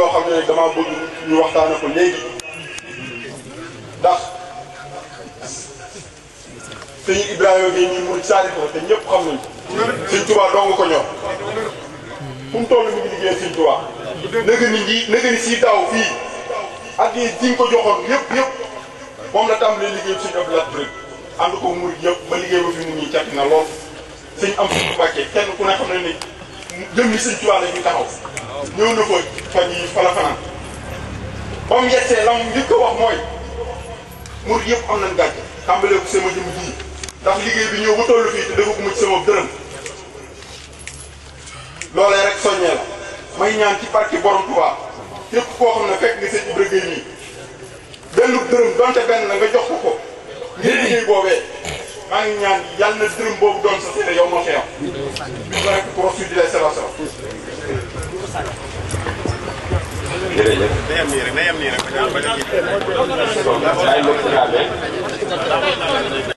loo xam ne damaa bëgg ñu waxtaane ko léegi ndax sëñ Ibrahima bi ñu murid saalix la te ñëpp xam nañu sëñ Tuubaa dong ko ñor fu mu mu ngi liggéey sëñ Tuubaa nëgë ni sii daaw fii ak yi diñ ko joxoon yëpp yëpp moom la tàmbalee liggéey bi sëñ Abdou Lahad rek ànd ko murid yëpp ba liggéey ba fi mu ñuy cati na lool sëñ am suñu Mbàkke kenn ku ne xam ne ni jëm ni sëñ Tuubaa la taxaw ñëw na ko fan yi fa la fanaan ba mu yegsee lam ko wax mooy murid yëpp am nañ gàcc tàmbalee ko sama jëm ndax liggéey bi ñëw ba toll fii te defaguma ci sama dërëm loolee rek soññee la may ñaan ci barke borom Tuubaa képp koo xam fekk nga sëñ Ibra Gueye nii benn dërëm donte benn na nga jox ko ko ngir liggéey boobee maa ngi ñaan yàlla na dërëm boobu doon sa seede yow ma xeex bi ma rek ko wax su di lay sela sela jërëjëf. day am nii rek